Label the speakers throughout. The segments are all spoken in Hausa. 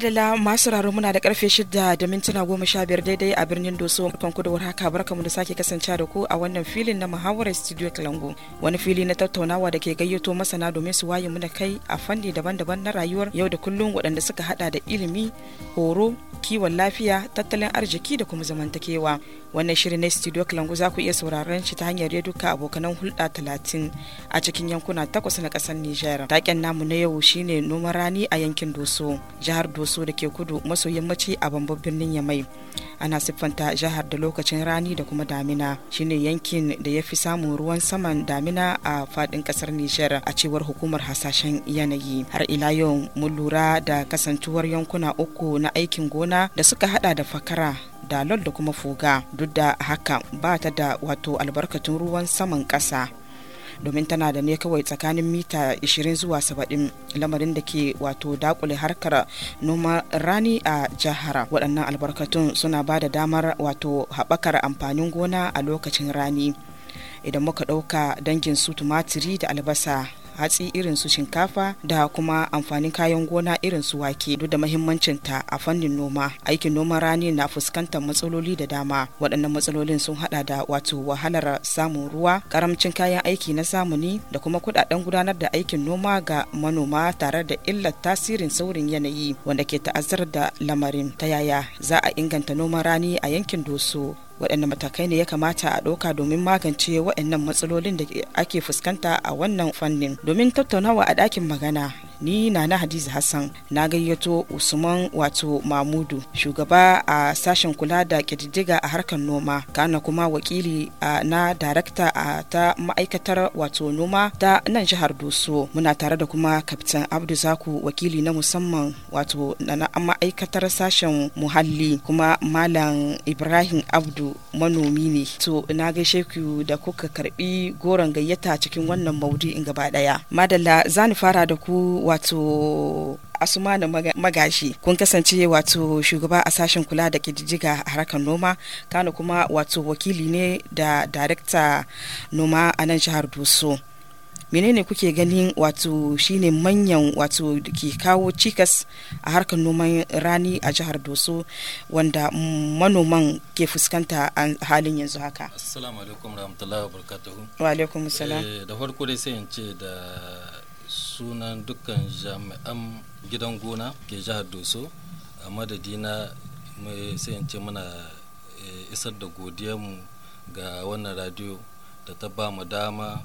Speaker 1: madala masu raro muna da karfe shida da mintuna goma sha biyar daidai a birnin doso kan kuduwar haka mu da sake kasance da ku a wannan filin na muhawarar studio kalangu wani fili na tattaunawa da ke gayyato masana domin su waye muna kai a fanni daban-daban na rayuwar yau da kullum waɗanda suka hada da ilimi horo kiwon lafiya tattalin arziki da kuma zamantakewa wannan shirin na studio kalangu za ku iya sauraron shi ta hanyar duka abokanan hulɗa talatin a cikin yankuna takwas na ƙasar nijar taken namu na yau shine noman rani a yankin doso jihar doso gurgusu da ke kudu maso yammaci a bambam birnin yamai ana siffanta jihar da lokacin rani da kuma damina shine yankin da ya fi samun ruwan saman damina a fadin kasar nijar a cewar hukumar hasashen yanayi har ila yau mun lura da kasantuwar yankuna uku na aikin gona da suka hada da fakara dalol da kuma fuga duk da haka ba ta da wato albarkatun ruwan saman ƙasa domin tana da ne kawai tsakanin mita 20 zuwa 70 lamarin da ke wato dakule harkar noma rani a jihar waɗannan albarkatun suna ba da damar wato haɓakar amfanin gona a lokacin rani idan muka ɗauka dangin su tumatiri da albasa hatsi irin su shinkafa da kuma amfanin kayan gona irin su wake duk da muhimmancin ta a fannin noma aikin noman rani na fuskantar matsaloli da dama waɗannan matsalolin sun hada da wato wahalar samun ruwa karamcin kayan aiki na zamani da kuma kuɗaɗen gudanar da aikin noma ga manoma tare da illar tasirin saurin yanayi wanda ke ta'azzar da lamarin ta yaya za a inganta noman rani a yankin doso waɗanne matakai ne ya kamata a ɗauka domin magance waɗannan matsalolin da ake fuskanta a wannan fannin domin tattaunawa a ɗakin magana ni na na hadiza hassan na gayyato usman wato mamudu shugaba a sashen kula da ƙididdiga a harkar noma kana kuma wakili na darakta a ta ma'aikatar wato noma ta nan jihar doso muna tare da kuma kaftin abdu zaku wakili na musamman wato na ma'aikatar sashen muhalli kuma malam ibrahim abdu manomi ne to na gaishe ku da kuka karbi goron gayyata cikin wannan maudu'in gaba daya madalla za ni fara da ku wato asumana magashi kun kasance wato shugaba a sashen kula da kididdiga a harkar noma kana kuma wato wakili ne da darakta noma a nan jihar doso menene kuke ganin wato shine manyan wato ke kawo cikas a harkar noman rani a jihar doso wanda manoman ke fuskanta a halin yanzu haka assalamu
Speaker 2: alaikum rahmatullahi wa barakatuhu wa alaikum salam eh, da farko dai sai in ce da sunan dukkan jami'an gidan gona ke jihar doso a madadina sai in ce muna eh, isar da godiyarmu ga wannan radio da ta ba mu dama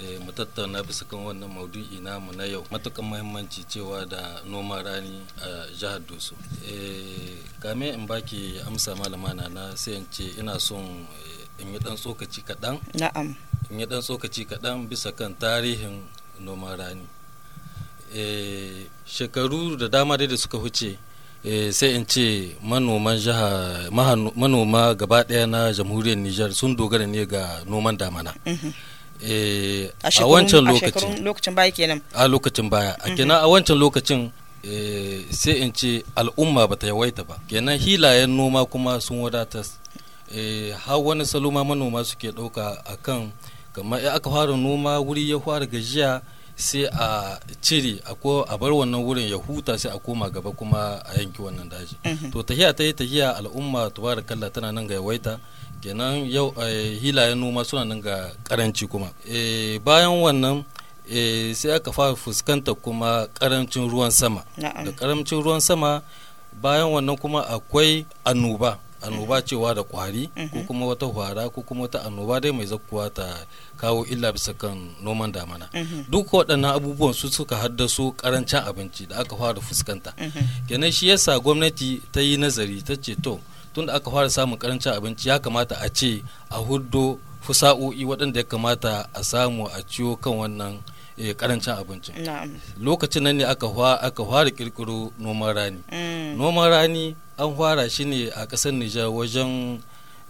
Speaker 2: eh, mu tattauna bisa kan wannan maudu'i namu na yau matukan mahimmanci cewa da noman rani a jihar doso eh, kame in ba ki amsa malamana na na sai ina son in yi dan tsokaci kaɗan in yi dan tsokaci kaɗan bisa kan tarihin noman rani shekaru da dama dai da suka huce eh, sai in ce manoman jiha manoma gaba daya na jamhuriyar Nijar sun dogara ne ga noman damana. Mhm. Eh, a wancan lokacin.
Speaker 1: lokacin baya kenan.
Speaker 2: A lokacin baya. A mhm. kenan a wancan lokacin eh, sai in ce al'umma ba ta yawaita ba. Kenan hilayen noma kuma sun wadata Har wani saloma manoma suke ɗauka kan kamar aka fara noma wuri ya fara gajiya. sai a cire a bar wannan wurin ya huta sai a koma gaba kuma a yanki wannan daji mhm. to tahiya ta yi tahiya al'umma kalla tana nan ga yawaita kenan yau eh, hilayen noma suna nan ga karanci kuma eh, bayan wannan eh, sai aka fara fuskanta kuma karancin ruwan sama da karancin ruwan sama bayan wannan kuma akwai annoba annoba cewa da kwari ko mhm. kuma wata hwara ko kuma wata annoba dai mai zakkuwa ta kawo illa bisa kan noman damana mhm. duk waɗannan abubuwan su suka haddasa karancin abinci da aka fara fuskanta mhm. kenan shi yasa gwamnati ta yi nazari ta ce to da aka fara samun karancin abinci ya kamata a ce a huddo fusa'o'i waɗanda ya kamata a samu a ciwo kan wannan karancin eh, abinci lokacin nan ne aka fara kirkiro noman rani mm. noman rani an fara shi ne a ƙasar nijar wajen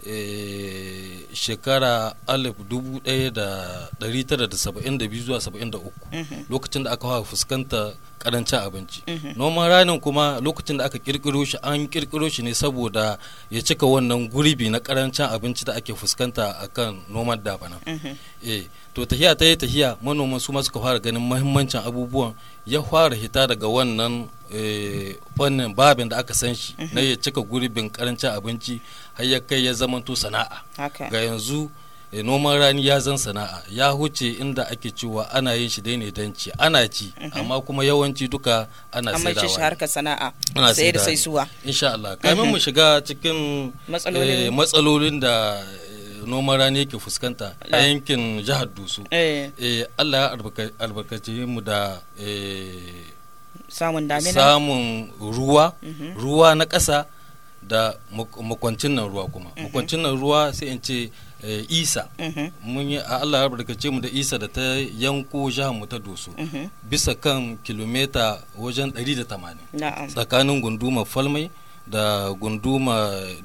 Speaker 2: eh, shekara 1972 zuwa 73 mhm. lokacin da aka fara fuskanta karancin abinci mhm. noman ranin kuma lokacin da aka kirkiro shi an kirkiro shi ne saboda ya cika wannan gurbi na karancin abinci da ake fuskanta akan noman dabana mhm. eh, to tahiya ta yi tahiya manoman su ma suka fara ganin mahimmancin abubuwan ya fara hita daga wannan fannin eh, babin da aka san shi mhm. na ya cika gurbin karancin abinci har ya kai ya zamanto sana'a ga yanzu eh, noman rani ya zan sana'a ya huce inda ake cewa ana yin shi daine don ana ci mhm. amma kuma yawanci duka ana sai da shi harkar sana'a sai da saisuwa insha Allah kamin mu mhm. shiga cikin matsalolin eh, da noman rani yake fuskanta a ah. yankin jihar dusu eh. eh, allah ya albarkace mu da eh, samun damina samun ruwa mhm. ruwa na ƙasa da makwancin nan ruwa kuma mhm. makwancin nan ruwa sai in ce isa mhm. mun yi a ah, allah ya barkace mu da isa da ta yanko jihar mu ta dusu. bisa kan kilomita wajen 180 tsakanin gunduma falmai da gunduma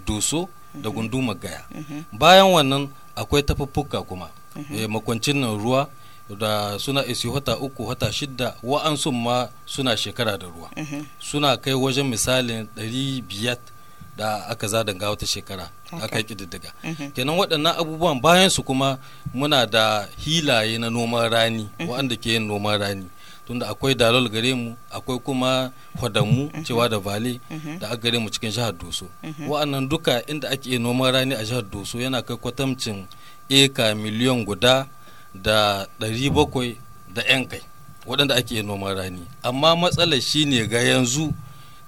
Speaker 2: doso da gundumar gaya bayan wannan akwai tafuffuka kuma eh, makwancin nan ruwa da suna isi wata uku wata shidda wa'ansu ma suna shekara da ruwa suna kai wajen misalin ɗari biyar da aka zadanga wata shekara aka yi ƙididdiga kenan waɗannan abubuwan bayan su kuma muna da hilaye na noman rani uhm. waɗanda ke yin noman rani tunda akwai dalol gare mu akwai kuma hodanmu cewa da vale da aka gare mu cikin jihar doso wa'annan duka inda ake noman rani a jihar doso yana kai kwatamcin eka miliyan guda da ɗari bakwai da 'yan kai waɗanda ake noman rani amma matsalar shine ga yanzu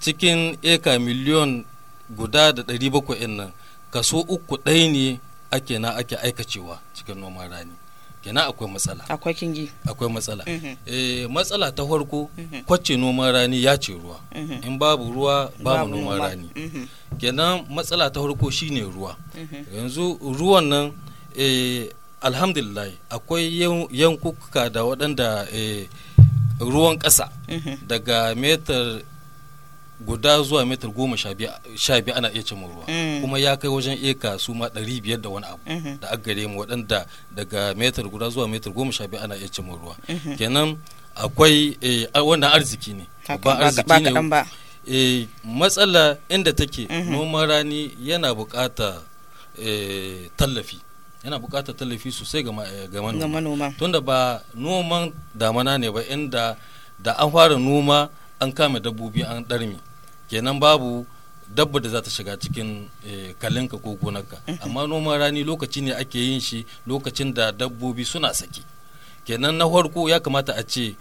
Speaker 2: cikin eka miliyon guda da ɗari bakwai nan kaso uku ɗaya ne ake na ake aikacewa cikin noman rani kenan akwai matsala akwai kingi akwai matsala mhm. eh, matsala ta farko mhm. kwace noman rani ya ce ruwa mhm. in babu ruwa babu noman rani kenan matsala ta farko shine ruwa yanzu ruwan nan eh alhamdulillah akwai yankuka da waɗanda eh, ruwan ƙasa daga metar guda zuwa metar goma sha biyu ana iya cimma ruwa mm. kuma ya kai wajen eka su ma ɗari biyar da wani abu mm-hmm. da aka gare mu waɗanda daga metar guda zuwa metar goma sha biyu ana iya cimma ruwa mm-hmm. kenan akwai eh, wannan arziki ne ba arziki ne eh, matsala inda take mm-hmm. noman rani yana buƙata eh, tallafi yana buƙatar tallafi sosai ga manoma tunda ba noman damana ne ba inda da an fara noma an kame dabbobi an ɗarmi kenan babu dabba da za ta shiga cikin eh, kalinka ko gonarka amma noman rani lokaci ne ake yin shi lokacin da dabbobi suna saki kenan na farko ya kamata a ce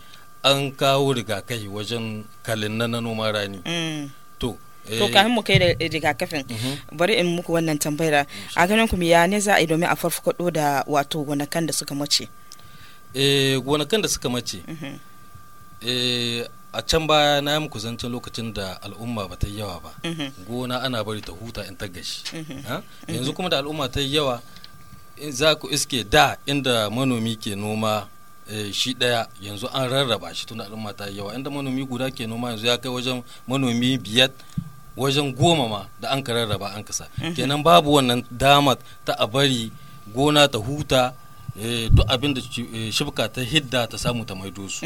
Speaker 2: an kawo rigakafi wajen kalin na noman rani mm. to eh, to kafin mu
Speaker 1: kai da rigakafin mhm. bari in muku wannan tambayar a ganin ku ya ne za a yi domin a farfado da wato gonakan da suka mace
Speaker 2: eh gonakan da suka mace mhm. eh a can baya na yi muku zancen lokacin da al'umma ba ta yi yawa ba mhm. gona ana bari ta huta in ta gashi mhm. Mhm. yanzu kuma da al'umma ta yawa za ku iske da inda manomi ke noma eh, shi daya yanzu an rarraba shi tun al'umma ta yawa inda manomi guda ke noma yanzu ya kai wajen manomi biyar wajen goma ma da an ka rarraba an kasa kenan babu wannan dama ta a bari gona ta huta eh, duk abin da eh, shibka ta hidda ta samu ta maido su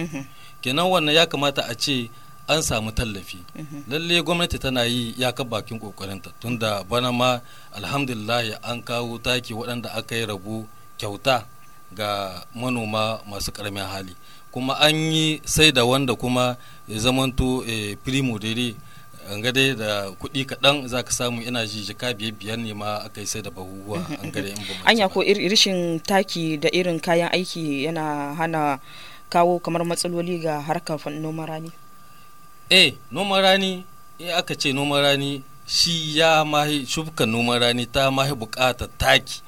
Speaker 2: kenan wannan ya kamata a ce an samu tallafi mhm. lalle gwamnati tana yi ya ka bakin kokarinta tunda bana ma alhamdulillah an kawo taki waɗanda aka yi rabu kyauta ga manoma masu ƙaramin hali kuma an yi sai da wanda kuma ya zamanto eh, primo dare an gade da kuɗi kaɗan za ka samu ina ji jika biyar biyar ne ma aka yi sai da bahuwa an gade in ba
Speaker 1: anya ko irishin taki da irin kayan aiki yana hana kawo kamar matsaloli ga harkar noman rani
Speaker 2: eh noman rani eh aka ce noman rani shi ya mahi shubkan noman rani ta mahi bukata taki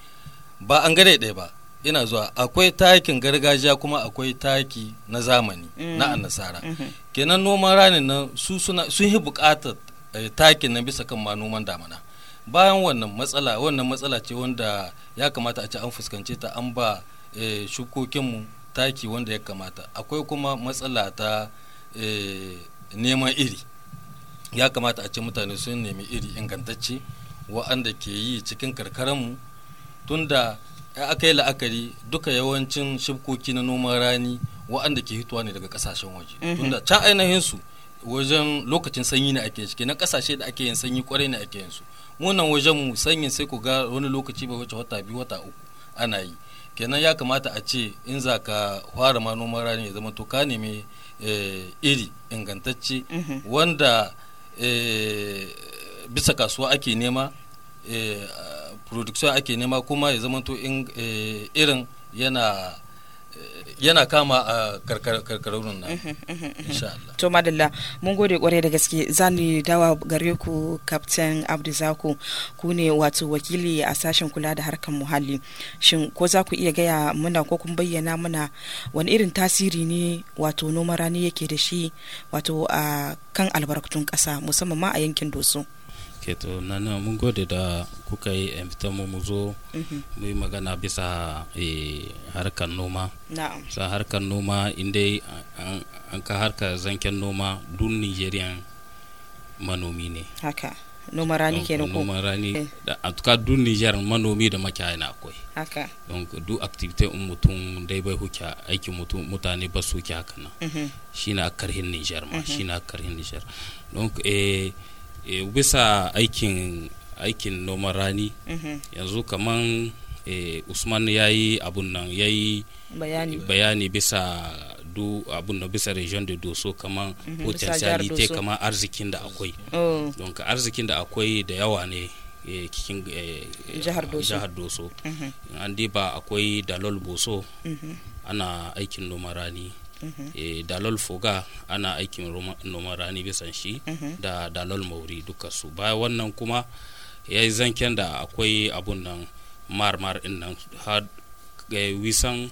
Speaker 2: ba an gare ɗaya ba ina zuwa akwai takin gargajiya kuma akwai taki na zamani mm. na annasara mm -hmm. kenan noman ranin nan su suna sun yi bukatar eh, takin nan bisa kan ma noman damana bayan wannan matsala wannan matsala ce wanda ya kamata a ce an fuskance ta an ba eh, shukokinmu taki wanda ya kamata akwai kuma matsala ta eh, neman iri ya kamata a ce mutane sun nemi iri ingantacce wa'anda ke yi cikin karkaranmu tunda aka yi la'akari duka yawancin shibkoki na noman rani wa'anda ke hitowa ne daga kasashen waje mm-hmm. tunda can ainihin su wajen lokacin sanyi ne ake ciki na kasashe da ake yin sanyi kwarai ne ake yin su munan wajen mu sanyin sai ku ga wani lokaci bai wuce wata biyu wata uku ana yi kenan ya kamata a ce in za ka fara ma noman rani ya zama to ka nemi eh, iri ingantacce mhm. wanda eh, bisa kasuwa ake nema eh, production ake nema kuma ya zama to irin yana yana kama a karkararun nan
Speaker 1: insha Allah to madalla mun gode kwarai da gaske zani dawa gare ku captain abduzako ku ne wato wakili a sashen kula da harkar muhalli shin ko za ku iya gaya muna ko kun bayyana muna wani irin tasiri ne wato noman rani yake da shi wato a kan albarkatun ƙasa musamman ma a yankin doso
Speaker 3: to nan mun gode da kuka yi invitan eh, mu mu zo mhm. mu yi magana bisa eh, harkar noma sa harkar noma inda an ka harka zanken noma dun Nigeria manomi ne
Speaker 4: haka
Speaker 1: noma rani kenan ko noma rani eh.
Speaker 3: a tuka dun niger manomi da makiyaya na akwai haka don du activity in mutum dai bai huke aikin mutum mutane ba su ki haka nan mhm. na karhin niger ma mhm. na karhin niger don eh e, bisa aikin aikin noman rani mhm. yanzu kaman e, usman ya yi abun nan ya yi bayani, bayani bisa du abun nan bisa region de doso kaman mhm, te kaman arzikin da akwai oh. don ka arzikin da akwai da yawa ne eh, cikin jihar doso mhm. an ba akwai dalol boso ana aikin noman rani Mhm. Eh, dalol foga ana aikin noman rani bisan shi mhm. da dalol mauri duka su baya wannan kuma ya yi zanken da akwai abun nan marmar in nan har eh, wisan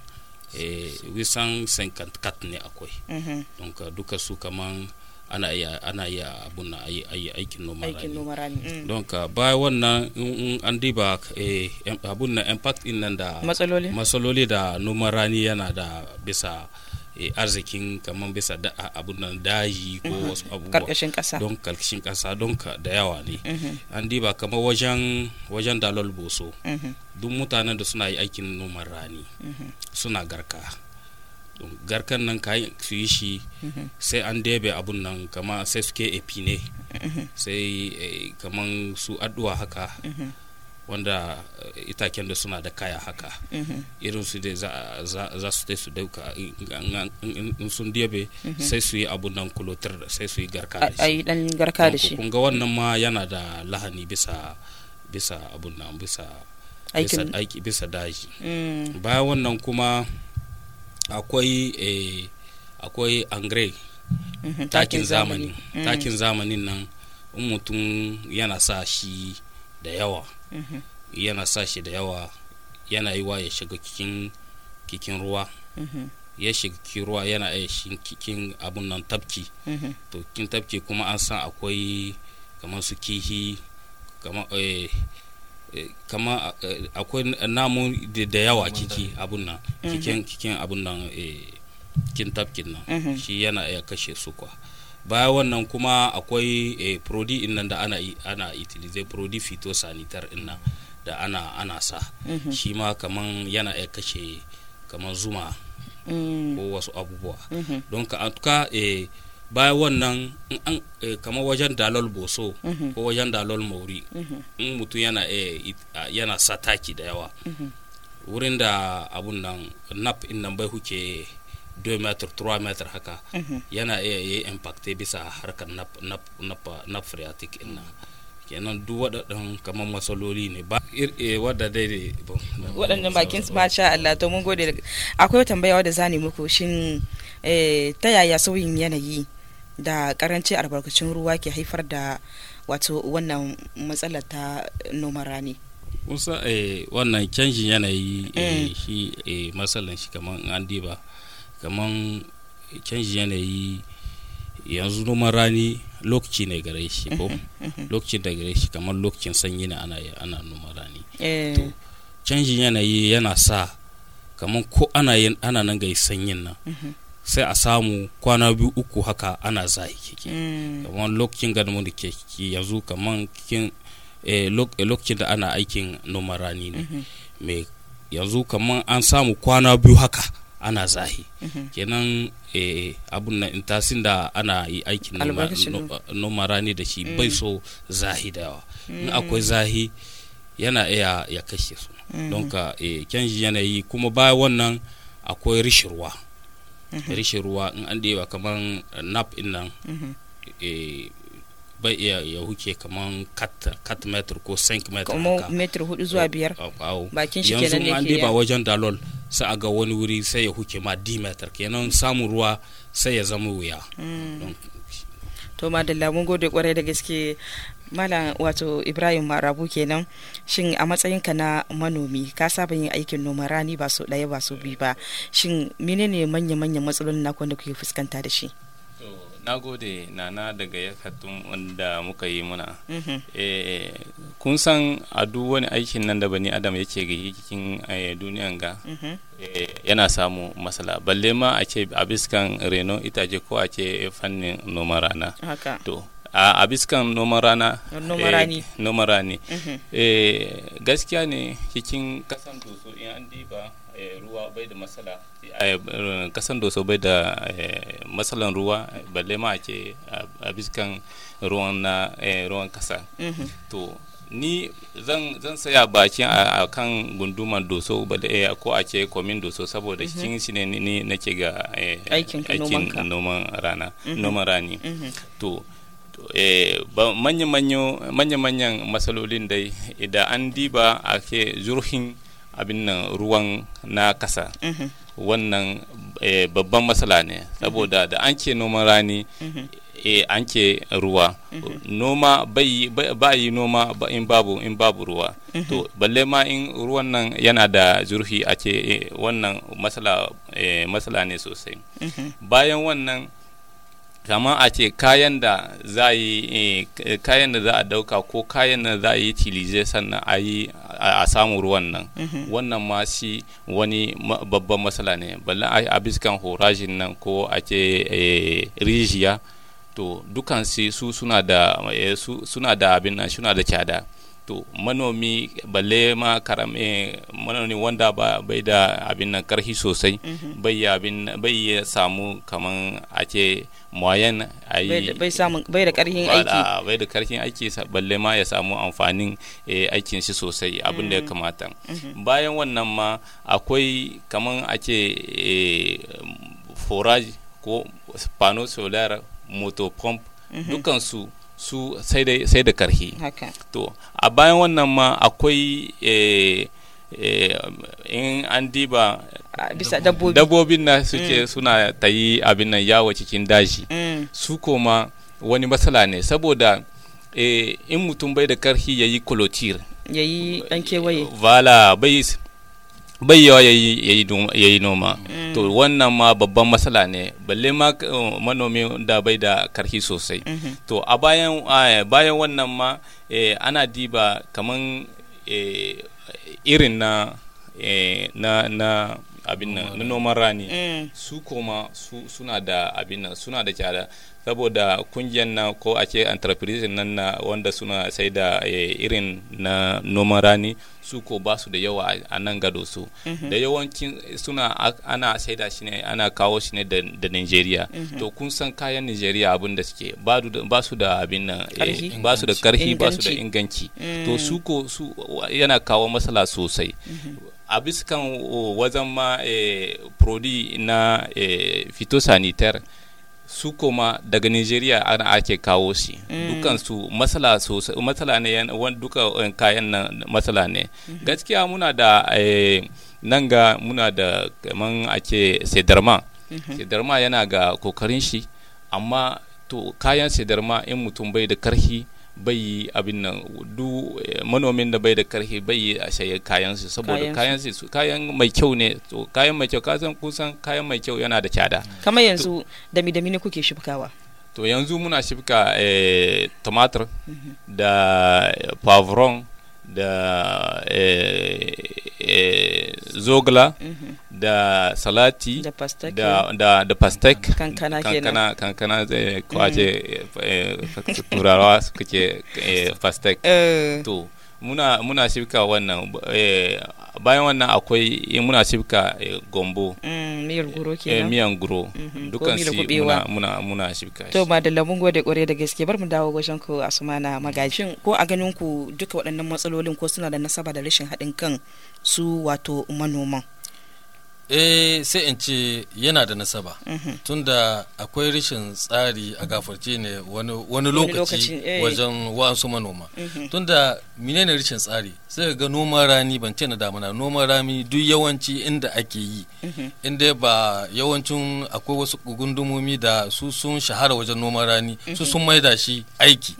Speaker 3: eh, wisan 54 ne akwai mhm. donka duka su kaman ana iya ana iya abun na aikin noman rani mm. donka ka baya wannan in an diba abun na impact din nan da matsaloli da noman rani yana da bisa E, arzikin kamar bisa da abun nan daji ko mhm. wasu abubuwa karkashin kasa don karkashin kasa don ka da yawa ne mhm. an diba kamar wajen wajen dalol boso mhm. duk mutanen da suna yi aikin noman rani suna garka garkan nan ka su yi shi sai an debe abun nan kamar sai suke epine sai eh, kaman su addu'a haka wanda eh, itaken da suna da kaya haka mhm. irin su dai za su su dauka in sun diyabe mhm. sai su yi abu nan kulotar sai su yi garka da shi a dan garka da shi kunga wannan ma yana da lahani bisa bisa abun nan bisa aiki bisa daji mm. bayan wannan kuma akwai eh, akwai angre mhm, takin zamani mm. takin zamanin nan in mutum yana sa shi da yawa Mm-hmm. yana sa shi da yawa yana yi wa ya shiga kikin ruwa mm-hmm. ya shiga kikin ruwa yana iya shi kikin abun nan tafki mm-hmm. to kin tafki kuma an san akwai kamar su kihi kama eh, eh, eh, akwai namu da yawa kiki abun nan kikin abun nan kin tafkin nan shi yana iya kashe su kwa baya wannan kuma akwai eh, prodi da ana ana itilize prodi phytosanitary in nan da ana ana sa mm -hmm. shi ma kaman yana ya kashe kaman zuma mm. ko wasu abubuwa mm -hmm. don ka atuka eh, baya wannan eh, kamar wajen dalol boso -hmm. ko wajen dalol mauri mhm. in mutum yana eh, yana sa taki da yawa mhm. wurin da abun nan nap in nan bai huke 2 metre 3 meter haka mhm. yana iya yi impacte bisa harkar nap phreatic ina kenan duk waɗannan kamar matsaloli ne ba e wadda daidai waɗannan bakin
Speaker 1: su masha Allah to mun gode akwai tambaya wadda za ni muku shin eh, ta yaya sauyin yanayi da karanci albarkacin ruwa ke haifar da wato wannan matsalar ta noman rani
Speaker 3: kusa eh, wannan canjin yanayi mm. shi matsalan shi kamar an diba kamar canji yanayi yanzu noman rani lokaci ne gare shi ko lokacin da gare shi kamar lokacin sanyi ne ana ana noman
Speaker 1: rani eh. to
Speaker 3: canjin yanayi yana sa kamar ko ana yin ana nan ga sanyin nan mhm. sai a samu kwana biyu uku haka ana zahi kike mm. kamar lokacin ga da ke yanzu kamar kin eh, eh, lokacin da ana aikin noman rani ne mhm. me yanzu kamar an samu kwana biyu haka ana zahi mhm. kenan eh, abun na intasin da ana yi aikin noma rani da shi bai so zahi da yawa in mm. akwai zahi yana iya ya kashe su mm-hmm. don ka eh, canji yanayi kuma baya wannan akwai rishirwa mm-hmm. rishirwa in an ɗewa kamar nap in nan mm-hmm. eh, bai iya ya huke kamar kat metr ko 5 metr kuma
Speaker 1: metr 4 zuwa
Speaker 3: 5 bakin shi kenan ne ke yanzu an ɗeba wajen dalol sai a ga wani wuri sai ya huke ma dimetar kenan samun ruwa sai ya zama wuya
Speaker 1: mm. to madalla mun gode kwarai da gaske malam wato ibrahim marabu kenan shin a matsayinka na manomi ka saba yin aikin noma rani ba su ɗaya ba su biyu ba shin menene manya-manyan matsalolin nakon da kuke fuskanta da shi
Speaker 5: na gode nana daga katun wanda muka yi muna mm-hmm. eh, kun san a duk wani aikin nan da bani adam yake ga cikin eh, duniyan ga mm-hmm. eh, yana samu masala. balle ma a ce a biskan reno je ko a ce fannin noman rana to a biskan noman rana noman rani mm-hmm. gaskiya ne cikin kasan doso in an diba ruwa bai da masala. Eh, kasan doso bai da eh, matsalan ruwa balle ma ake a biskan ruwan na eh, ruwan kasa mm-hmm. to ni zan saya bakin a kan gunduman doso balle ko a ce komin doso saboda mm-hmm. cikin shi ne ni nake ga aikin noman rana mm-hmm. noman rani to manya-manyan matsalolin dai idan an diba ake zurhin abin nan ruwan na kasa wannan eh, babban matsala ne mhm. saboda da an ke noman rani mhm. eh, an ke ruwa mhm. noma ba yi noma in babu in babu ruwa to balle ma in ruwan nan yana da zurfi a ce eh, wannan matsala ne sosai bayan wannan kamar a ce kayan da za yi eh, kayan da za a dauka ko kayan da za a yi tilize sannan a yi a samu ruwan nan mhm. wannan ma shi wani babban matsala ne balla a biskan horajin nan ko a ce eh, rijiya to dukan su suna da eh, suna da abin nan suna da kyada to manomi balle ma karame manomi wanda ba bai da abin nan karhi sosai mhm. bai ya samu kaman a ce moyen a yi
Speaker 1: bai da karfin aiki
Speaker 5: bai da karfin aiki balle ma ya samu amfanin eh, aikin shi sosai abin da ya mm. kamata mm-hmm. bayan wannan ma akwai kaman ake eh, forage ko pano solar pump dukan su sai da karhi to a bayan wannan ma akwai eh, Eh, in an diba dabbobin na suke mm. suna ta yi abin nan yawo cikin daji mm. su koma wani matsala ne saboda eh, in mutum bai da karhi ya yi yayi
Speaker 1: ya yi dan kewaye eh,
Speaker 5: vala bai bai yawa ya yi noma mm. to wannan ma babban matsala ne balle ma manomi da bai da karhi sosai mm-hmm. to a bayan wannan ma ana diba kaman eh irin na eh, na na abin nan na noman rani eh. su koma suna da abin nan suna da kyada saboda kungiyar nan ko a ce entreprise nan na wanda suna sai da eh, irin na noman rani su ko ba su da yawa a nan gado su mhm. da yawancin suna ana sai da shi ne ana kawo shi ne da Nigeria mhm. to kun san kayan Nigeria abin da suke ba su da abin nan ba su eh, da karfi ba su da inganci to mm. su ko su yana kawo matsala sosai mhm. a kan oh, wajen ma eh, prodi na fitosanitare su koma daga nigeria ana ake kawo shi mm. dukansu matsala sosai matsala ne duka eh, kayan nan matsala ne mm-hmm. gaskiya muna da eh, nan ga muna da kaman ake sedarma mm-hmm. sedarma yana ga kokarin shi amma to kayan sedarma in mutum bai da karhi bai yi abin nan duk eh, manomin da bai da karfi bai yi a saye su saboda kayan su kayan mai kyau ne to kayan mai kyau kasan kusan kayan mai kyau yana da tsada
Speaker 1: kamar yanzu dami dami ne kuke shifkawa
Speaker 5: to yanzu muna shifka eh, tomato mhm. da eh, pavron da eh, eh, zogla mhm. da salati da pastek da, pastek kankana kankana zai mm. kwace eh, eh, turawa suka ce eh, pastek to muna muna wannan bayan wannan akwai muna shibka gombo mm, miyan guro mhm, dukkan si muna muna shi to ba
Speaker 1: da lamun gode kore da gaske bar mu dawo wajen ku a suma na magajin ko a ganin ku duka waɗannan matsalolin ko suna da nasaba da rashin haɗin kan su wato manoman
Speaker 2: eh sai in ce yana da nasaba mhm. tunda akwai rashin tsari a gafarce ne wani lokaci eh. wajen wasu manoma mhm. tunda menene rashin tsari sai ga noman rani ban ce na damuna noman rani duk yawanci inda ake yi mhm. inda ba yawancin akwai wasu gundumomi da su sun shahara wajen noman rani su sun maida shi aiki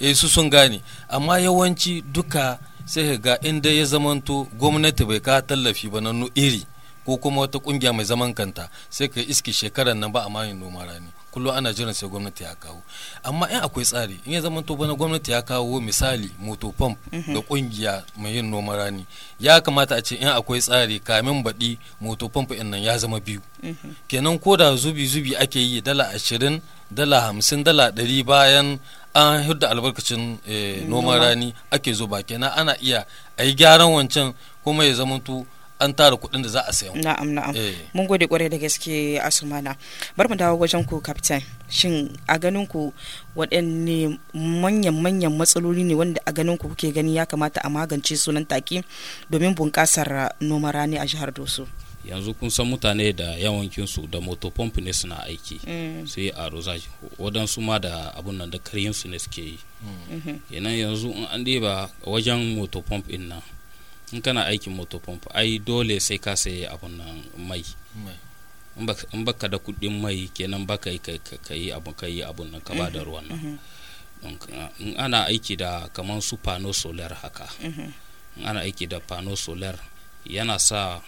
Speaker 2: eh su sun gane amma yawanci duka sai ga inda ya zamanto gwamnati bai ka tallafi ba na iri ko kuma wata kungiya mai zaman kanta sai ka iski shekaran nan ba a mayin noma rani kullum ana jiran sai gwamnati ya kawo amma in akwai tsari in ya zama to bana gwamnati ya kawo misali moto pump mhm. da kungiya mai yin noma rani ya kamata a ce in akwai tsari kamin baɗi moto pump in nan ya zama biyu mhm. kenan ko da zubi zubi ake yi dala ashirin dala hamsin dala ɗari bayan an hudda albarkacin eh, Noma. rani ake zuba kenan ana iya a yi gyaran wancan kuma ya zamanto an tara kuɗin da za a sayan na'am na'am eh.
Speaker 1: mun gode kwarai da gaske asumana bar mu dawo wajen ku captain shin a ganin ku waɗanne manyan manyan matsaloli ne wanda a ganin ku kuke gani ya kamata a magance sunan take domin bunƙasar noma rani a jihar doso
Speaker 3: yanzu kun san mutane da yawancinsu da pump ne suna aiki mm. sai a rosaji waɗansu ma da abun nan da karyinsu ne suke yi mm. kenan yanzu in an ba wajen motopomp in nan in kana aikin moto pump ai dole sai ka sai abun nan mai in baka da kuɗi mai kenan baka yi ka yi ka abun nan ka ba da mhm. ruwan nan mhm. in ana aiki da kaman su pano solar haka mhm. in ana aiki da pano solar yana sa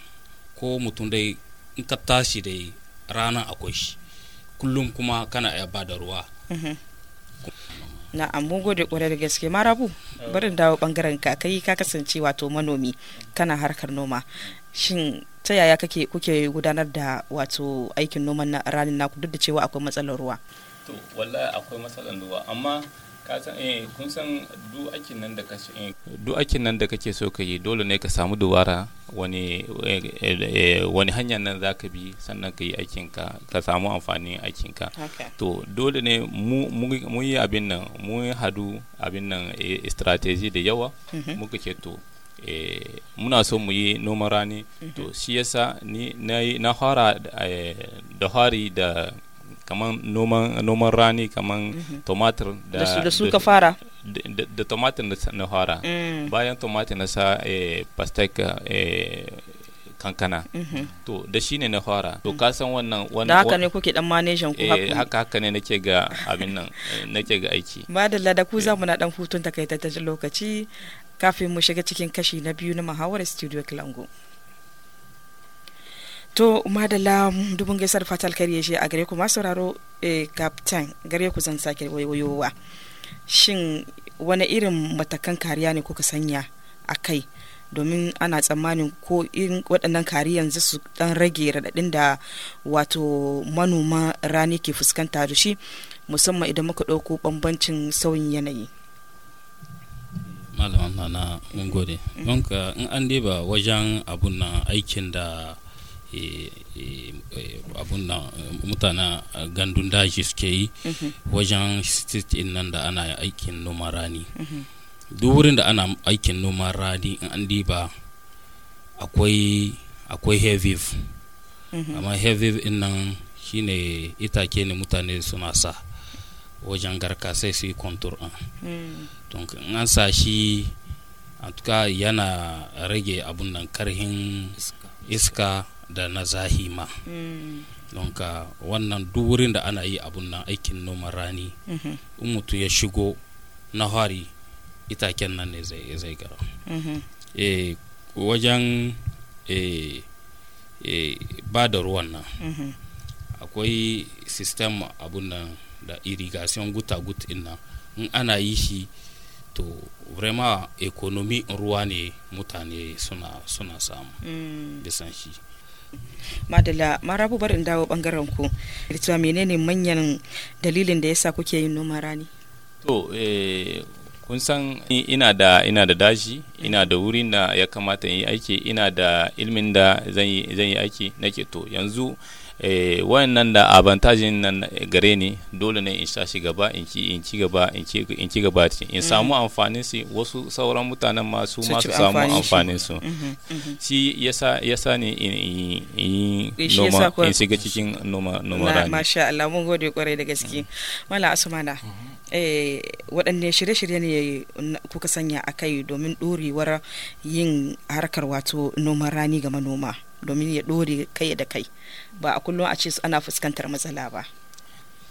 Speaker 3: ko mutum dai in ka tashi dai rana akwai shi kullum kuma kana ya ba da ruwa
Speaker 1: na'am mun gode kwarai da gaske marabu barin dawo bangaren ka kai ka kasance wato manomi kana harkar noma shin ta yaya kake kuke gudanar da wato aikin noman na ranin naku duk da cewa akwai matsalar ruwa
Speaker 5: to wallahi akwai matsalar ruwa amma ka san eh kun san duk eh, aikin nan da kake so ka yi dole ne ka samu dubara. wani eh, eh, wani hanyar nan za ka bi sannan ka yi aikinka ka samu amfanin aikinka to dole ne mu yi abin nan mu hadu abin nan eh, strategy da yawa mm-hmm. muka ce to muna so mu yi noman rani mm-hmm. to shi yasa ni na fara da hari da kaman noman rani kaman mm-hmm. tomatir da su ka fara da tomatin na fara bayan tomatin na sa mm. eh, pastek eh, kankana mm-hmm. to da shi ne na fara to mm. ka san wannan da haka ne
Speaker 1: kuke dan manejan ku eh, haka
Speaker 5: haka ne nake ga abin nan nake ga aiki
Speaker 1: ba da lada ku za mu na dan hutun takaitaccen lokaci kafin mu shiga cikin kashi na biyu na muhawarar studio kilango to madalla dubun gaisar fatal kariye shi a gare ku masu raro captain gare ku zan sake wayoyowa shin wani irin matakan kariya ne kuka sanya a kai domin ana tsammanin ko irin waɗannan kari yanzu su ɗan rage raɗaɗin da wato manoma rani ke fuskanta da shi musamman idan muka ɗauko bambancin sauyin yanayi
Speaker 3: malaman na mm. in an diba wajen abun na aikin da E, e, e, abun nan mutanen eh, gandun daji suke yi mhm. wajen state nan da ana aikin noman rani mhm. duk wurin da ana aikin noman rani in an diba akwai hevi. heviv mhm. amma heviv in nan shine itake ne mutane suna sa wajen garka sai su yi kontur in an sa shi a tuka yana rage abun nan karhin iska da na zahima don ka wannan duk wurin da ana yi abun nan aikin noman rani mhm. in mutum ya shigo na hari itaken nan ne zai gara mhm. eh, wajen eh, eh, ba da ruwan nan mhm. akwai sistem abun nan da irrigation guta-gut nan in ana yi shi to vraiment ekonomi ruwa ne mutane suna, samu mm. bisan shi
Speaker 1: madala marabu barin dawo bangaren ku cewa menene manyan dalilin da yasa kuke yin noman rani
Speaker 5: to eh, kun san ina da ina da daji ina da wurin da ya kamata in yi aiki ina da ilmin da zan yi aiki nake to yanzu eh nan da avantajin nan gare ni dole ne in sha shi gaba in ci in ci gaba in ci in ci gaba in samu mhm. amfanin su wasu sauran mutanen ma su ma su samu amfanin su mhm, mhm. shi yasa yasa ne in in eh, noma in shiga cikin noma noma rani
Speaker 1: masha Allah mun gode kwarai da gaske mala asumana eh, waɗanne shirye-shirye ne kuka sanya a kai domin ɗorewar yin harkar wato noman rani ga manoma domin ya ɗore kai da kai ba a kullum a ce ana fuskantar matsala ba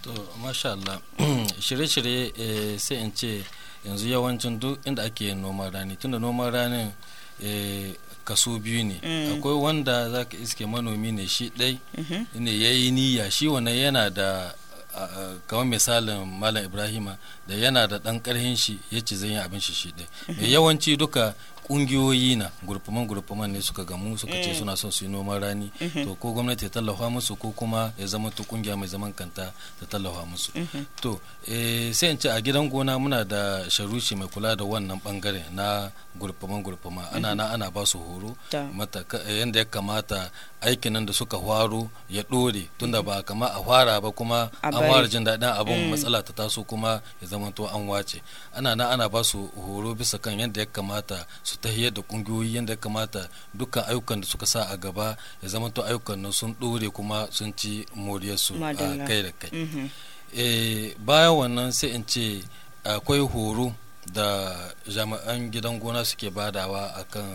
Speaker 2: to masha Allah shirye-shirye eh, sai in ce yanzu yawancin duk inda ake noman rani tunda noman ranin eh, kaso biyu ne mm. akwai wanda za ka iske manomi ne shi ɗai mm-hmm. ne ya yi niyya shi wannan yana da kamar misalin malam ibrahima da yana da ɗan ƙarhin shi ya ce zai yi abin shi shi ɗai mm-hmm. yawanci duka kungiyoyi na gurfaman gurfaman ne suka gamu suka ce eh. suna son su yi noman rani mhm. to ko gwamnati ta tallafa musu ko kuma ya zama ta kungiya mai zaman kanta ta tallafa musu mhm. to eh, sai in ce a gidan gona muna da sharushi mai kula da wannan bangare na gurfaman gurfuman ana mhm. na ana ba su horo yadda ya kamata aikin nan da suka hwaro ya dore tunda ba kama a fara ba kuma an fara jin daɗin abin mm. matsala ta taso kuma ya zama to an wace ana na ana ba su horo bisa kan yadda ya kamata su tahiyar da kungiyoyi yadda kamata dukkan ayyukan da suka sa a gaba ya to ayyukan nan sun dore kuma sun ci moriyarsu a kai da kai mhm. eh, bayan wannan sai in ce akwai horo da jami'an gidan gona suke badawa akan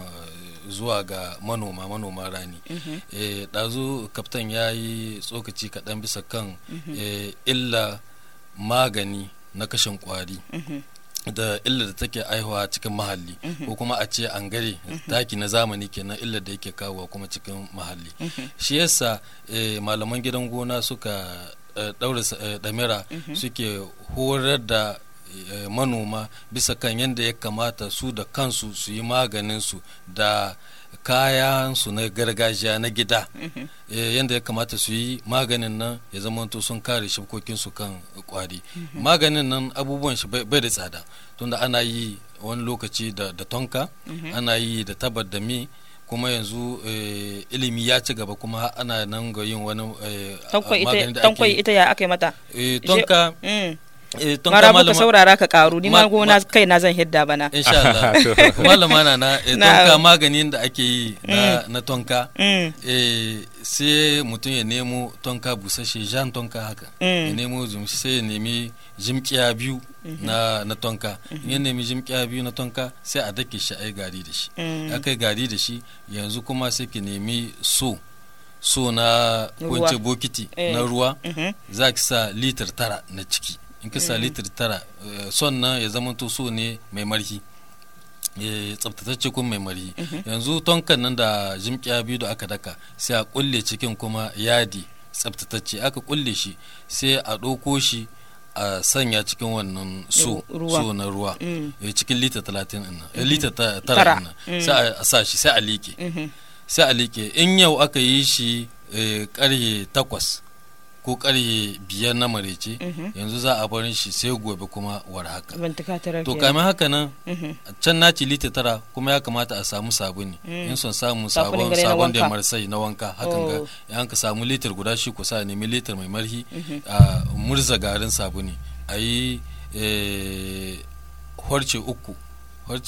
Speaker 2: zuwa ga manoma manoma rani mhm. eh, ɗazu kaftan ya yi tsokaci kaɗan bisa kan mhm. eh, illa magani na kashin kwari da illar da take aihuwa cikin mahalli ko kuma a ce an gare taki na zamani kenan illar da yake kawowa kuma cikin mahalli shi yasa eh, malaman gidan gona suka daura eh, damira eh, suke horar da manoma bisa kan yadda ya kamata su da kansu su yi maganin su da Kayan su na gargajiya na gida eh, yadda ya kamata su yi maganin nan ya to sun kare su kan kwari maganin nan abubuwan shi bai da tsada tunda ana yi wani lokaci da tonka ana yi da tabar da mi kuma yanzu eh, ilimi ya ci gaba kuma ana nan ga yin wani eh, maganin da ake ita ya aka yi mata tonka mm. tun eh, mara buka saurara ka karu ni ma gona
Speaker 1: kai na zan hidda bana insha Allah malama na eh, na tonka maganin
Speaker 2: da ake yi na mm. tonka mm. eh, sai mutum ya nemo tonka busashe jan tonka haka mm. ya nemo zumshi sai ya nemi jimkiya biyu mm-hmm. na na tonka ya mm-hmm. nemi jimkiya biyu na tonka sai a dake shi ai gari da shi akai gari da shi yanzu kuma sai ki nemi so so na kunce bokiti na ruwa mm-hmm. za ki sa litir tara na ciki in kisa sa eh. litir tara eh, son nan ya zama to so ne mai marki eh, tsabtatacce kun mai marhi mhm. yanzu tonkan nan da jimkiya biyu da aka daka sai a kulle cikin kuma yadi tsabtatacce aka kulle shi sai a ɗauko shi a sanya cikin wannan so na ruwa mm. cikin lita talatin mm-hmm. lita tara mm. sai a sa shi sai a liƙe mm-hmm. sai a liƙe in yau aka yi shi karye takwas ko karye biyar na marece mhm. yanzu za a barin shi sai gobe kuma war haka
Speaker 1: to kamin haka nan mhm.
Speaker 2: can naci lita tara kuma ya kamata a samu sabuni mm. in son samu sabon sabon da marsai na wanka hakan ga yan oh. ka samu litar guda shi ku sa nemi litar mai marhi mhm. a murza garin sabuni a yi eh, horce uku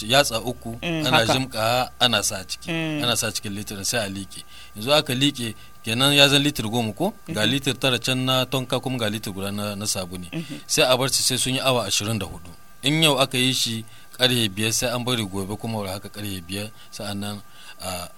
Speaker 2: yatsa uku mm, ana jimka ana sa ciki mm. ana sa cikin litirin sai a liƙe yanzu aka liƙe kenan ya zan litir goma ko ga mhm. litir tara can na tonka kuma ga litir guda na, na sabuni mhm. sai a bar sai sun yi awa ashirin da hudu in yau aka yi shi karye biyar sai an bari gobe kuma wala haka karye biyar sa'annan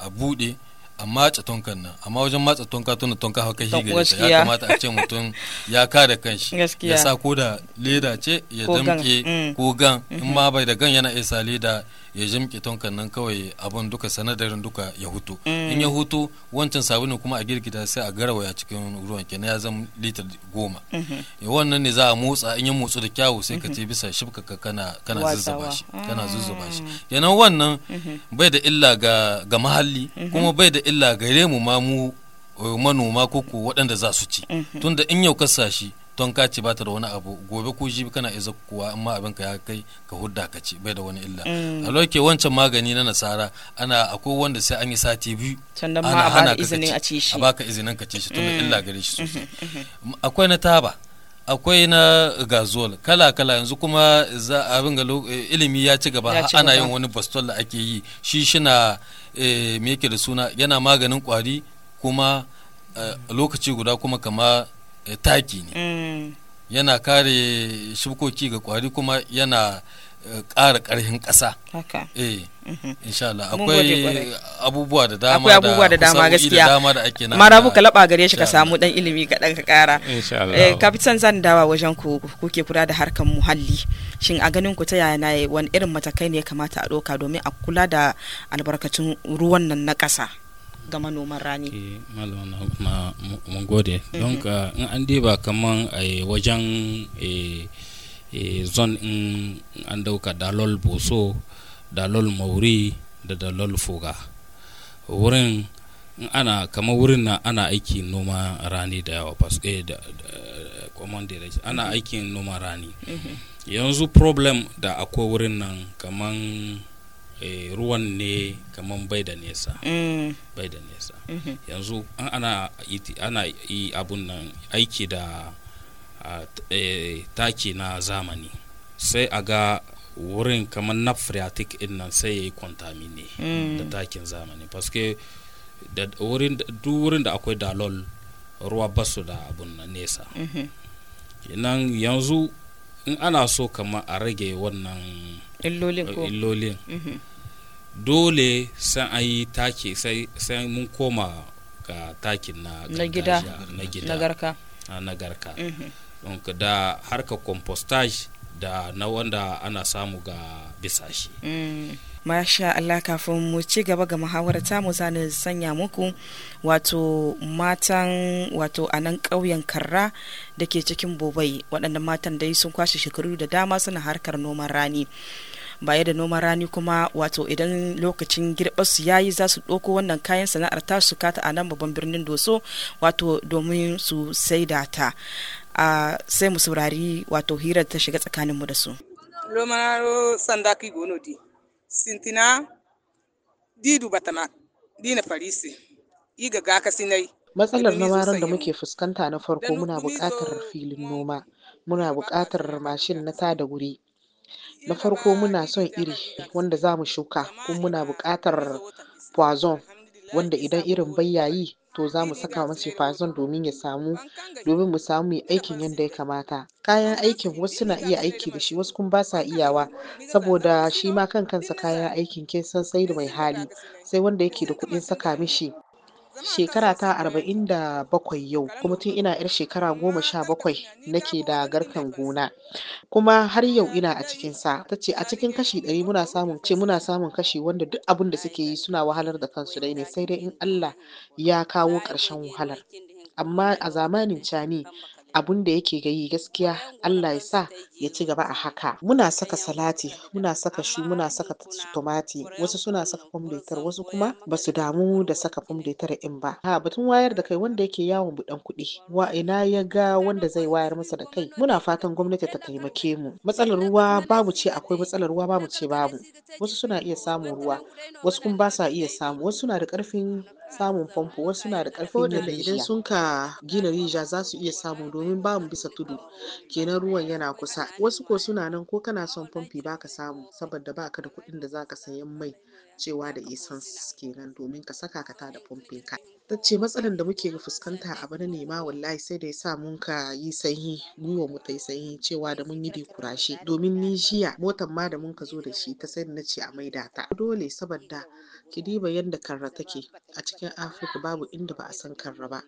Speaker 2: a bude a matsa tonkan nan amma wajen matsa tonka tona tonka haka shi gare ya kamata a ce mutum ya kada kanshi ya sa ko da leda ce ya damke mm. ko gan in mhm. ma bai da gan yana isa leda ya jimke tonkan nan kawai abun duka sanadarin duka ya hutu mm. in ya hutu wancan sabulin kuma a girgita sai a garawaya cikin ruwan kenan ya zama litar goma mm-hmm. wannan ne za a motsa in ya motsu da kyawu sai ka ce mm-hmm. bisa shibka ka kana zuzzuba shi mm. kana zuzzuba shi kenan wannan mm-hmm. bai da illa ga mahalli kuma bai da illa ga mu ma mu manoma koko waɗanda za su ci tunda in yau ka sa shi don ka ce bata da wani abu gobe ko jibi kana iya kuwa amma abin ka ya kai ka hudda ka ci bai da wani illa mm. a loke wancan magani na nasara ana akwai wanda sai an yi sati biyu ana hana ka ci a baka izinin ka ci shi tunda mm. illa gare shi mm-hmm, mm-hmm. akwai na taba akwai na gazol kala kala yanzu kuma za abin ga eh, ilimi ya ci gaba ana yin wani bastol da ake yi shi shina eh, me yake da suna yana maganin kwari kuma eh, lokaci guda kuma kama Eh, taki ne mm. yana kare shukoki ga kwari kuma yana eh, ƙara ƙarfin ƙasa. Eh, mhm. insha Allah. Akwai abubuwa da dama Akwai abubuwa da dama gaskiya. marabu ka laba gare shi ka samu ɗan
Speaker 1: ilimi ka dan ka ƙara. Insha eh, Allah. Kapitan zan dawa wajen ku kuke kula da harkan muhalli. Shin a ganin ku ta yaya na wani irin matakai ne ya kamata a doka domin a kula da albarkatun ruwan nan na ƙasa. ga manoman rani eh,
Speaker 3: mun gode eh, eh. don in an diba kaman wajen zon in an dauka dalol boso dalol mauri da dalol foga wurin ana kamar wurin na ana aikin noma rani da yawa paske da common direction ana mm-hmm. aikin noma rani mm-hmm. yanzu problem da akwai wurin nan kaman Eh, ruwan ne kamar bai da nesa mm. bai da nesa mm-hmm. yanzu ana, yi abun nan aiki da eh, taki na zamani sai a ga wurin kamar na phreatic nan sai ya yi contamine mm. da takin zamani paske duk wurin da akwai dalol ruwa basu da abun na nesa -hmm. nan yanzu in ana so kama a rage wannan
Speaker 1: illolin mm-hmm.
Speaker 3: dole sai an yi take sai mun koma ga takin na gida na garka na garka mhm. da harka compostage da na wanda ana samu ga bisashi
Speaker 1: mm. Masha Allah kafin mu ci gaba ga muhawara ta mu zani sanya muku wato matan wato a nan ƙauyen karra da ke cikin bobai waɗanda matan dai sun kwashe shekaru da dama suna harkar noman rani. baya da noman rani kuma wato idan lokacin girbarsu ya yi za su ɗauko wannan kayan sana'ar ta su kata a nan babban birnin doso wato domin su saida ta sai mu saurari wato hirar ta shiga tsakaninmu da su lomanaro sandaki gono sintina didu dina farisi iga gaka sinai
Speaker 4: matsalar nomaran da muke fuskanta na farko muna buƙatar filin noma muna buƙatar mashin na tada wuri. na farko muna son iri wanda za mu shuka kuma muna buƙatar poison wanda idan irin bai yi to za mu saka masa poison domin ya samu domin mu samu mai aikin yadda ya kamata kayan aikin wasu suna iya aiki da shi wasu kuma ba sa iyawa saboda shi ma kan kansa kayan aikin kin san sai da mai hali sai wanda yake da kuɗin saka mishi Shekara ta arba'in da bakwai yau kuma tun ina 'yar shekara goma sha bakwai nake da garkan gona kuma har yau ina a cikinsa. Ta ce a cikin kashi ɗari muna samun ce muna samun kashi wanda duk abin da suke yi suna wahalar da kansu dai ne sai dai in Allah ya kawo ƙarshen wahalar. Amma a zamanin cani abun da yake yi gaskiya Allah ya sa ya ci gaba a haka muna saka salati muna saka shu muna saka tomati wasu suna saka fomdetar wasu kuma ba su damu da saka fomdetar in ba ha batun wayar da kai wanda yake yawon budan kuɗi wa ina ya ga wanda zai wayar masa da kai muna fatan gwamnati ta taimake mu matsalar ruwa babu ce akwai matsalar ruwa babu ce babu wasu suna iya samun ruwa wasu kuma ba sa iya samu wasu suna da karfin samun famfo wasu suna da karfin da idan sun ka gina rija za su iya samun ruwa domin bamu bisa tudu kenan ruwan yana kusa wasu ko suna nan ko kana son famfi baka samu saboda baka da kuɗin da zaka sayan mai cewa da essence kenan domin ka saka ka tada famfin ka ta ce matsalan da muke fuskanta a bana nema wallahi sai da yasa mun ka yi sanyi gwiwa mu ta yi sanyi cewa da mun yi dekurashe domin ni jiya motan ma da mun ka zo da shi ta sai na ce a maida ta dole saboda Ki diba yadda karra take a cikin Afirka babu inda ba a san karra ba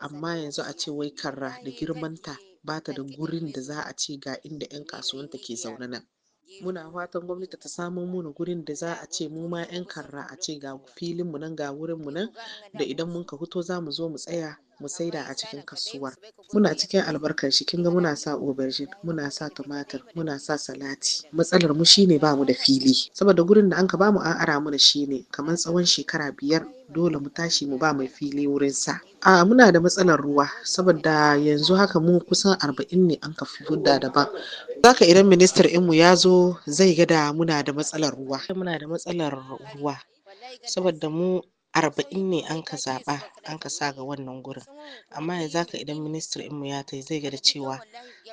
Speaker 4: amma yanzu a ce wai karra da girmanta ba ta da gurin da za a ce ga inda 'yan kasuwanta ke zaune nan. Muna fatan gwamnati ta samo mana gurin da za a ce mu ma 'yan karra a ce ga filinmu nan ga wurinmu nan da idan mun ka fito za mu zo mu tsaya mu saida a cikin kasuwar muna cikin albarkar shi kin ga muna sa aubergine muna sa tumatir muna sa salati matsalar mu shine bamu da fili saboda gurin da anka bamu an ara mana shine kamar tsawon shekara biyar dole mu tashi mu ba mai fili wurin sa a muna da matsalar ruwa saboda yanzu haka mu kusan arba'in ne an kafi hudda daban zaka idan ministar inmu ya zo zai ga da muna da matsalar ruwa muna da matsalar ruwa saboda mu arba'in ne anka zaɓa anka sa ga wannan gurin amma yanzu haka idan ministar mu ya tai zai ga da cewa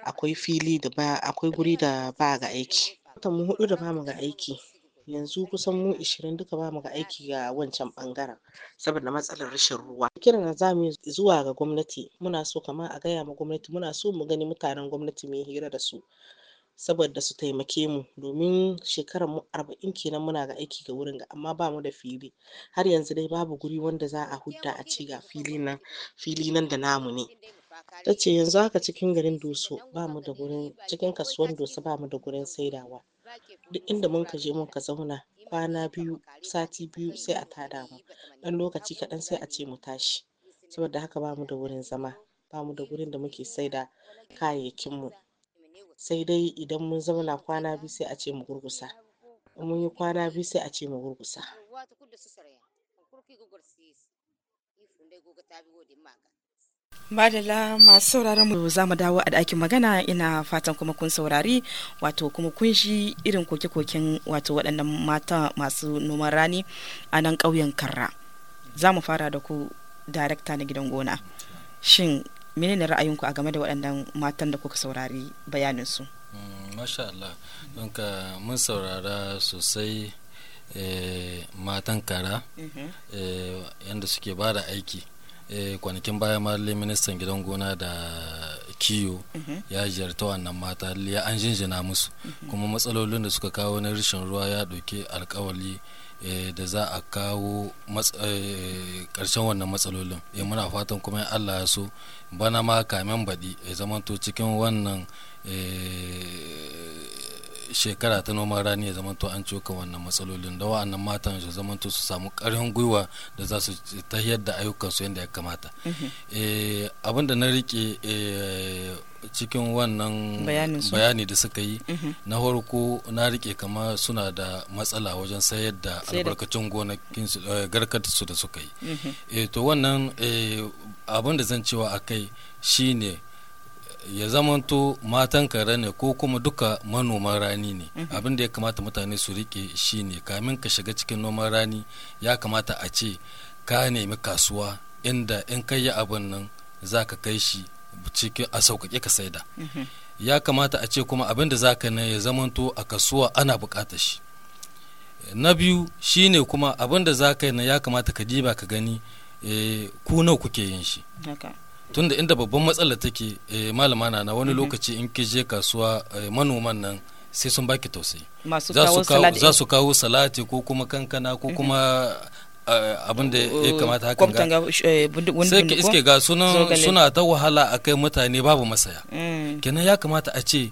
Speaker 4: akwai fili da ba akwai guri da ba ga aiki watan mu hudu da ba mu ga aiki yanzu kusan mu ishirin duka ba mu ga aiki ga wancan ɓangaren saboda matsalar rashin ruwa kiran da zamu zuwa ga gwamnati muna so kamar a gaya ma gwamnati muna so mu gani mutanen gwamnati mu hira da su saboda su taimake mu domin shekaran mu arba'in kenan muna ga aiki ga wurin ga amma ba mu da fili har yanzu dai babu guri wanda za a hudda a ce ga fili nan fili nan da namu ne ta ce yanzu haka cikin garin doso ba mu da gurin cikin kasuwan doso ba mu da gurin saidawa duk inda mun ka je mun ka zauna kwana biyu sati biyu sai a tada mu dan lokaci kaɗan sai a ce mu tashi saboda haka ba mu da wurin zama ba mu da gurin da muke saida kayayyakin mu sai dai idan mun zauna kwana biyu sai a ce mu gurgusa in mun yi kwana biyu sai a ce mu gurgusa
Speaker 1: madala masu sauraron mu za mu dawo a ɗakin magana ina fatan kuma kun saurari wato kuma kun shi irin koke-koken wato waɗannan mata masu noman rani a nan ƙauyen karra za mu fara da ku darakta na gidan gona shin menene ra'ayinku a game da waɗannan matan da kuka saurari bayanin su. Mm,
Speaker 2: masha Allah don ka mun saurara sosai eh, matan kara mhm. eh, yadda suke ba da aiki eh, kwanakin baya ma ministan gidan gona da kiyo mhm. ya ziyarta wannan mata ya an jinjina musu mhm. kuma matsalolin da suka kawo na rashin ruwa ya ɗauki alkawali Eh, da za a kawo eh, ƙarshen wannan matsalolin eh, muna fatan kuma allah ya so bana ma kamen baɗi ya zamanto cikin wannan shekara ta noman rani ya zamanto an coka wannan matsalolin da wa'annan matan su zamanto su samu ƙarfin gwiwa da za su tahiyar da ayyukansu yadda ya kamata mm-hmm. abin da na rike cikin wannan bayani da suka yi mhm. na farko na rike kama suna da matsala wajen sayar da albarkacin gonakin eh, su da suka yi mhm. eh, to wannan eh, abin da zan cewa a kai shine ya zamanto matan kare ne ko kuma duka manoman rani ne mhm. abin da ya kamata mutane su rike shine kamin ka shiga cikin noman rani ya kamata a ce ka nemi kasuwa inda in kai abin nan za ka kai shi cikin a sauƙaƙe ka saida mhm. ya kamata a ce kuma abin da za ka na ya zamanto a kasuwa ana buƙatar shi na biyu shi ne kuma abin da za ka na ya kamata ka diba ka gani eh, ku nawa kuke yin shi tunda inda babban matsala take eh, malama na na wani mhm. lokaci in ki je kasuwa eh, manoman nan sai sun baki tausayi za su kawo salati ko kuma kankana ko mhm. kuma Eh, abin da ya oh, kamata hakan ga eh, sai ka iske ga suna ta wahala a kai mutane babu masaya mm. kenan ya kamata a ce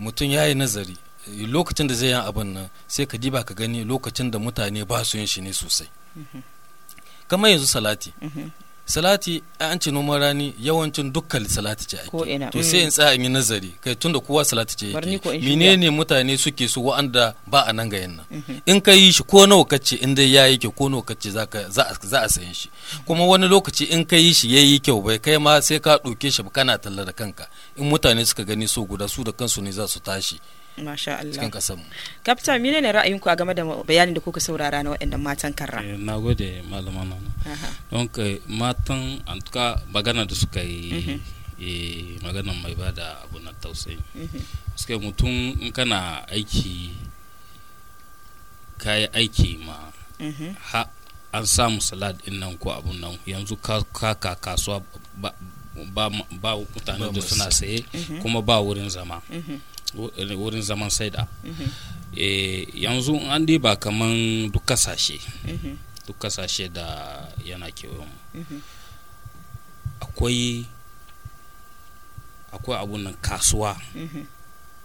Speaker 2: mutum ya yi nazari eh, lokacin da zai yi abin nan sai ka diba ka gani lokacin da mutane ba su yin shi ne sosai mhm. kamar yanzu salati mhm. salati an ce noman rani yawancin dukkan salati ce ake to sai in mm. tsaya in yi nazari kai tunda kowa salati ce mine menene mutane suke so wa'anda ba a nan ga nan
Speaker 5: mhm. in ka
Speaker 2: yi shi ko nawa kace in dai yayi kyau ko nawa kace za a sayan shi kuma wani lokaci in ka yi shi yayi kyau bai kai ma sai ka ɗauke shi kana talla da kanka in mutane suka gani so guda su
Speaker 3: da kansu ne za su tashi
Speaker 1: Masha Allah. Cikin kasan mu. Kapta mene ne ra'ayinku a game da bayanin da kuka saurara na waɗannan matan karra? Eh,
Speaker 3: na gode malama na Don matan an tuka magana da suka yi mhm. eh, magana mai ba da abu na tausayi. Mhm. Suka mutum in kana aiki kai aiki ma mhm. ha an samu salad din nan ko abun nan yanzu ka ka kasuwa ba mutane da suna saye kuma ba wurin zama. Eh, wurin zaman saida mhm. eh, yanzu an ba kaman duk kasashe mhm. duk kasashe da yana kewayen mhm. akwai akwai abun nan kasuwa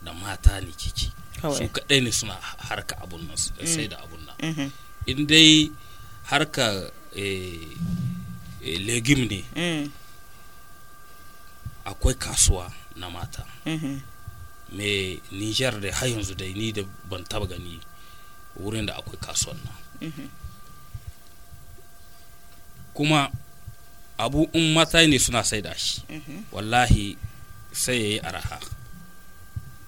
Speaker 3: da mata ne kiki su kaɗai ne suna harka abun nan mm. sai da abun nan in dai harka eh, legume ne mm. akwai kasuwa na mata me niger da har yanzu dai ni da ban taba gani wurin da akwai kasuwan nan mhm. kuma abu in mata ne suna saida shi mhm. wallahi sai ya yi araha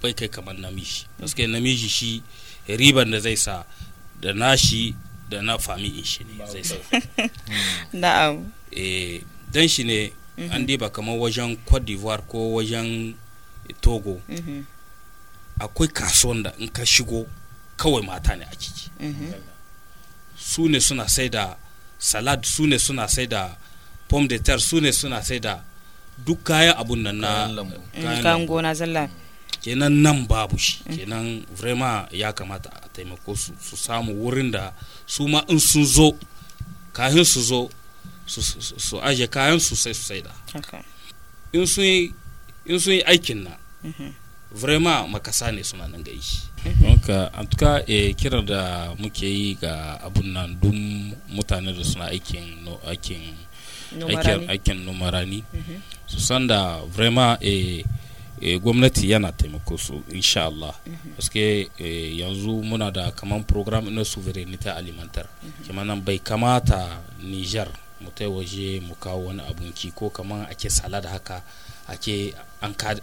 Speaker 3: bai kai kamar namiji gaskiya namiji shi riban da zai sa da nashi da na in shi ne zai sa na'am eh dan shi ne mhm. an diba kamar wajen cote d'ivoire ko wajen togo akwai kasuwan da in ka shigo kawai mata ne a ciki su ne suna sai da salad su ne suna sai da pom de terre su ne suna sai da duk kayan abun nan na eh, kayan gona zalla kenan nan babu shi eh. kenan vrema ya kamata a taimako su su samu wurin da su ma in sun zo kayan su zo su aje kayan su sai su da in sun yi aikin na mhm. vraiment makasa ne suna nan gai donc euh, en tout cas eh, kira da muke yi ga abun nan duk mutane da suna aikin no, aikin aikin aikin numarani mhm. su san da vraiment eh, eh, gwamnati yana taimako su insha Allah mhm. parce que yanzu muna da kaman programme na souveraineté alimentaire. Mhm. kaman -hmm. bai kamata Niger mu tai waje mu kawo wani abinci ko kaman ake salad haka ake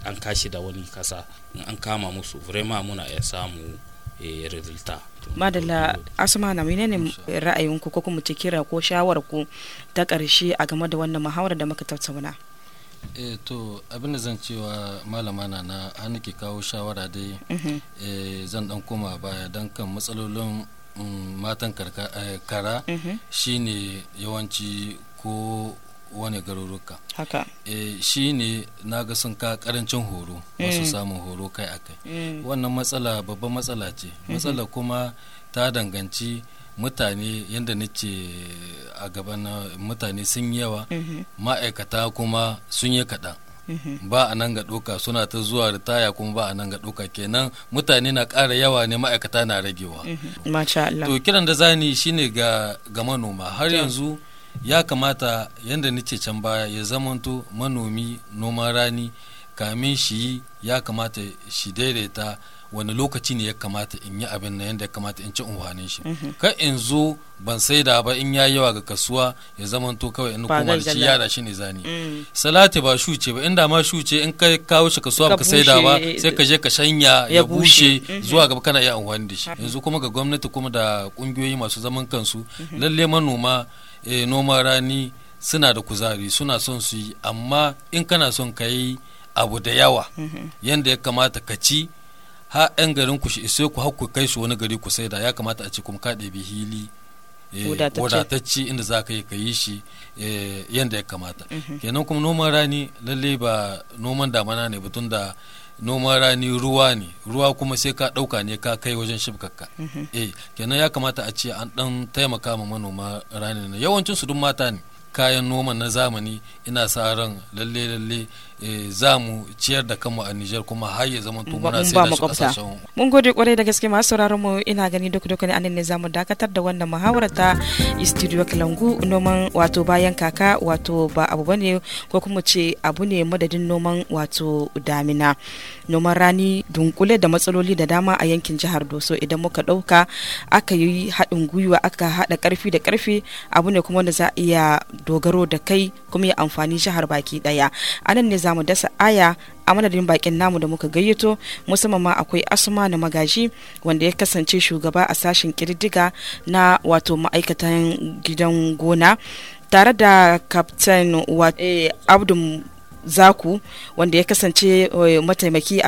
Speaker 3: an kashi da wani kasa an kama musu vrema muna ya samu eh, rezulta
Speaker 1: madalla asma na ne ra'ayinku ko kuma ce kira ko shawarar ku ta ƙarshe a game da wannan muhawarar da muka tattauna
Speaker 2: eh to da zan cewa malama na na hannu ke kawo shawara dai mhm. eh, zan dan koma baya don kan matsalolin mm, matan eh, kara mhm. shine yawanci ko wani garuruka haka e, shi ne na ga sun ka karancin horo masu mm. samun horo kai a
Speaker 3: kai
Speaker 2: wannan matsala babban matsala ce mm-hmm. matsala kuma ta danganci mutane yadda nace a gaban mutane sun yawa mm-hmm. ma'aikata kuma sun yi kaɗan mm-hmm. ba a nan ga ɗoka suna ta zuwa ritaya kuma ba a nan ga ɗoka kenan mutane na ƙara yawa ne ma'aikata na ragewa to kiran da zani shine ga manoma har yanzu ya kamata yadda nace can baya ya zamanto manomi noman rani kamin shi ya kamata shi daidaita wani lokaci ne ya kamata in yi abin na yadda ya kamata in ci unhwanin shi mhm. ka in zo ban saida ba in ya yawa ga kasuwa ya zamanto kawai in koma da shi yara shi ne zani mm. salati ba shuce ba inda ma shuce in ka kawo shi kasuwa ba ka saida ba sai ka je ka shanya ya bushe zuwa mhm. gaba kana iya unhwani da shi yanzu kuma ga gwamnati kuma da kungiyoyi masu zaman kansu mhm. lalle manoma Eh, noman rani suna da kuzari suna son su yi amma in kana son ka yi abu da yawa mhm. yadda ya kamata ka ci ha 'yan garin ku shi sai ku haku kai su wani gari ku saida ya kamata a ci kuma ka ɗebi hili eh, wadatacce inda za ka yi ka yi shi eh, yadda ya kamata mhm. kenan kuma noman rani lalle ba noman damana ne batun da noman rani ruwa ne ruwa kuma sai ka ɗauka ne ka kai wajen shibkakka mhm. eh kenan ya kamata a ce an ɗan taimaka ma manoma rani na yawancin su duk mata ne kayan noma na zamani ina sa ran lalle lalle Eh, za mu ciyar da kanmu a Nijar kuma har ya zama
Speaker 1: to muna sai da su kasashen mun gode kwarai da gaske masu sauraron mu ina gani duk duk ne anan ne zamu dakatar da wannan muhawara ta studio Kalangu noman wato bayan kaka wato ba abu bane ko kuma ce abu ne madadin noman wato damina noman rani dunkule da matsaloli da dama a yankin jihar Doso idan muka dauka aka yi haɗin gwiwa aka haɗa karfi da karfi abu ne kuma wanda za a iya dogaro da kai kuma ya amfani jihar baki daya anan ne za za mu dasa aya a madadin bakin namu da muka gayyato musamman ma akwai asuma na magaji wanda ya kasance shugaba a sashen kirdiga na wato ma'aikatan gidan gona tare da kaftan eh, abdu zaku wanda ya kasance eh, mataimaki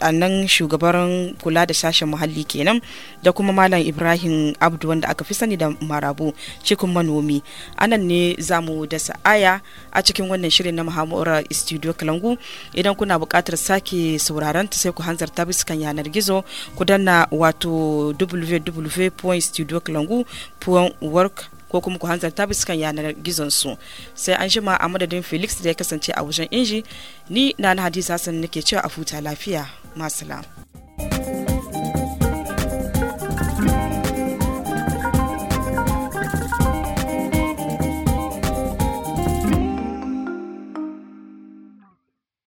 Speaker 1: a nan shugaban kula da sashen muhalli kenan da kuma malam ibrahim abdu wanda aka fi sani da marabu cikin manomi anan ne za mu dasa aya a cikin wannan shirin na muhammadu studio kalangu idan kuna buƙatar sake sauraron ta sai ku hanzarta biskan yanar gizo ku danna wato www.studiokalangu.org ko kuma ku ta bisukan yanar gizon su sai an shima a madadin felix da ya kasance a wajen inji ni na na hadisa sun nake cewa a futa lafiya masalam.